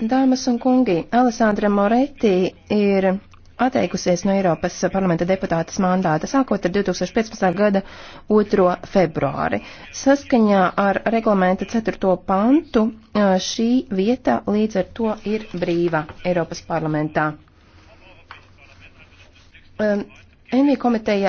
Dāmas un kungi, Alessandra Moretti ir atteikusies no Eiropas parlamenta deputātas mandāta sākot ar 2015. gada 2. februāri. Saskaņā ar reglamenta 4. pantu šī vieta līdz ar to ir brīva Eiropas parlamentā. Um, Envī komiteja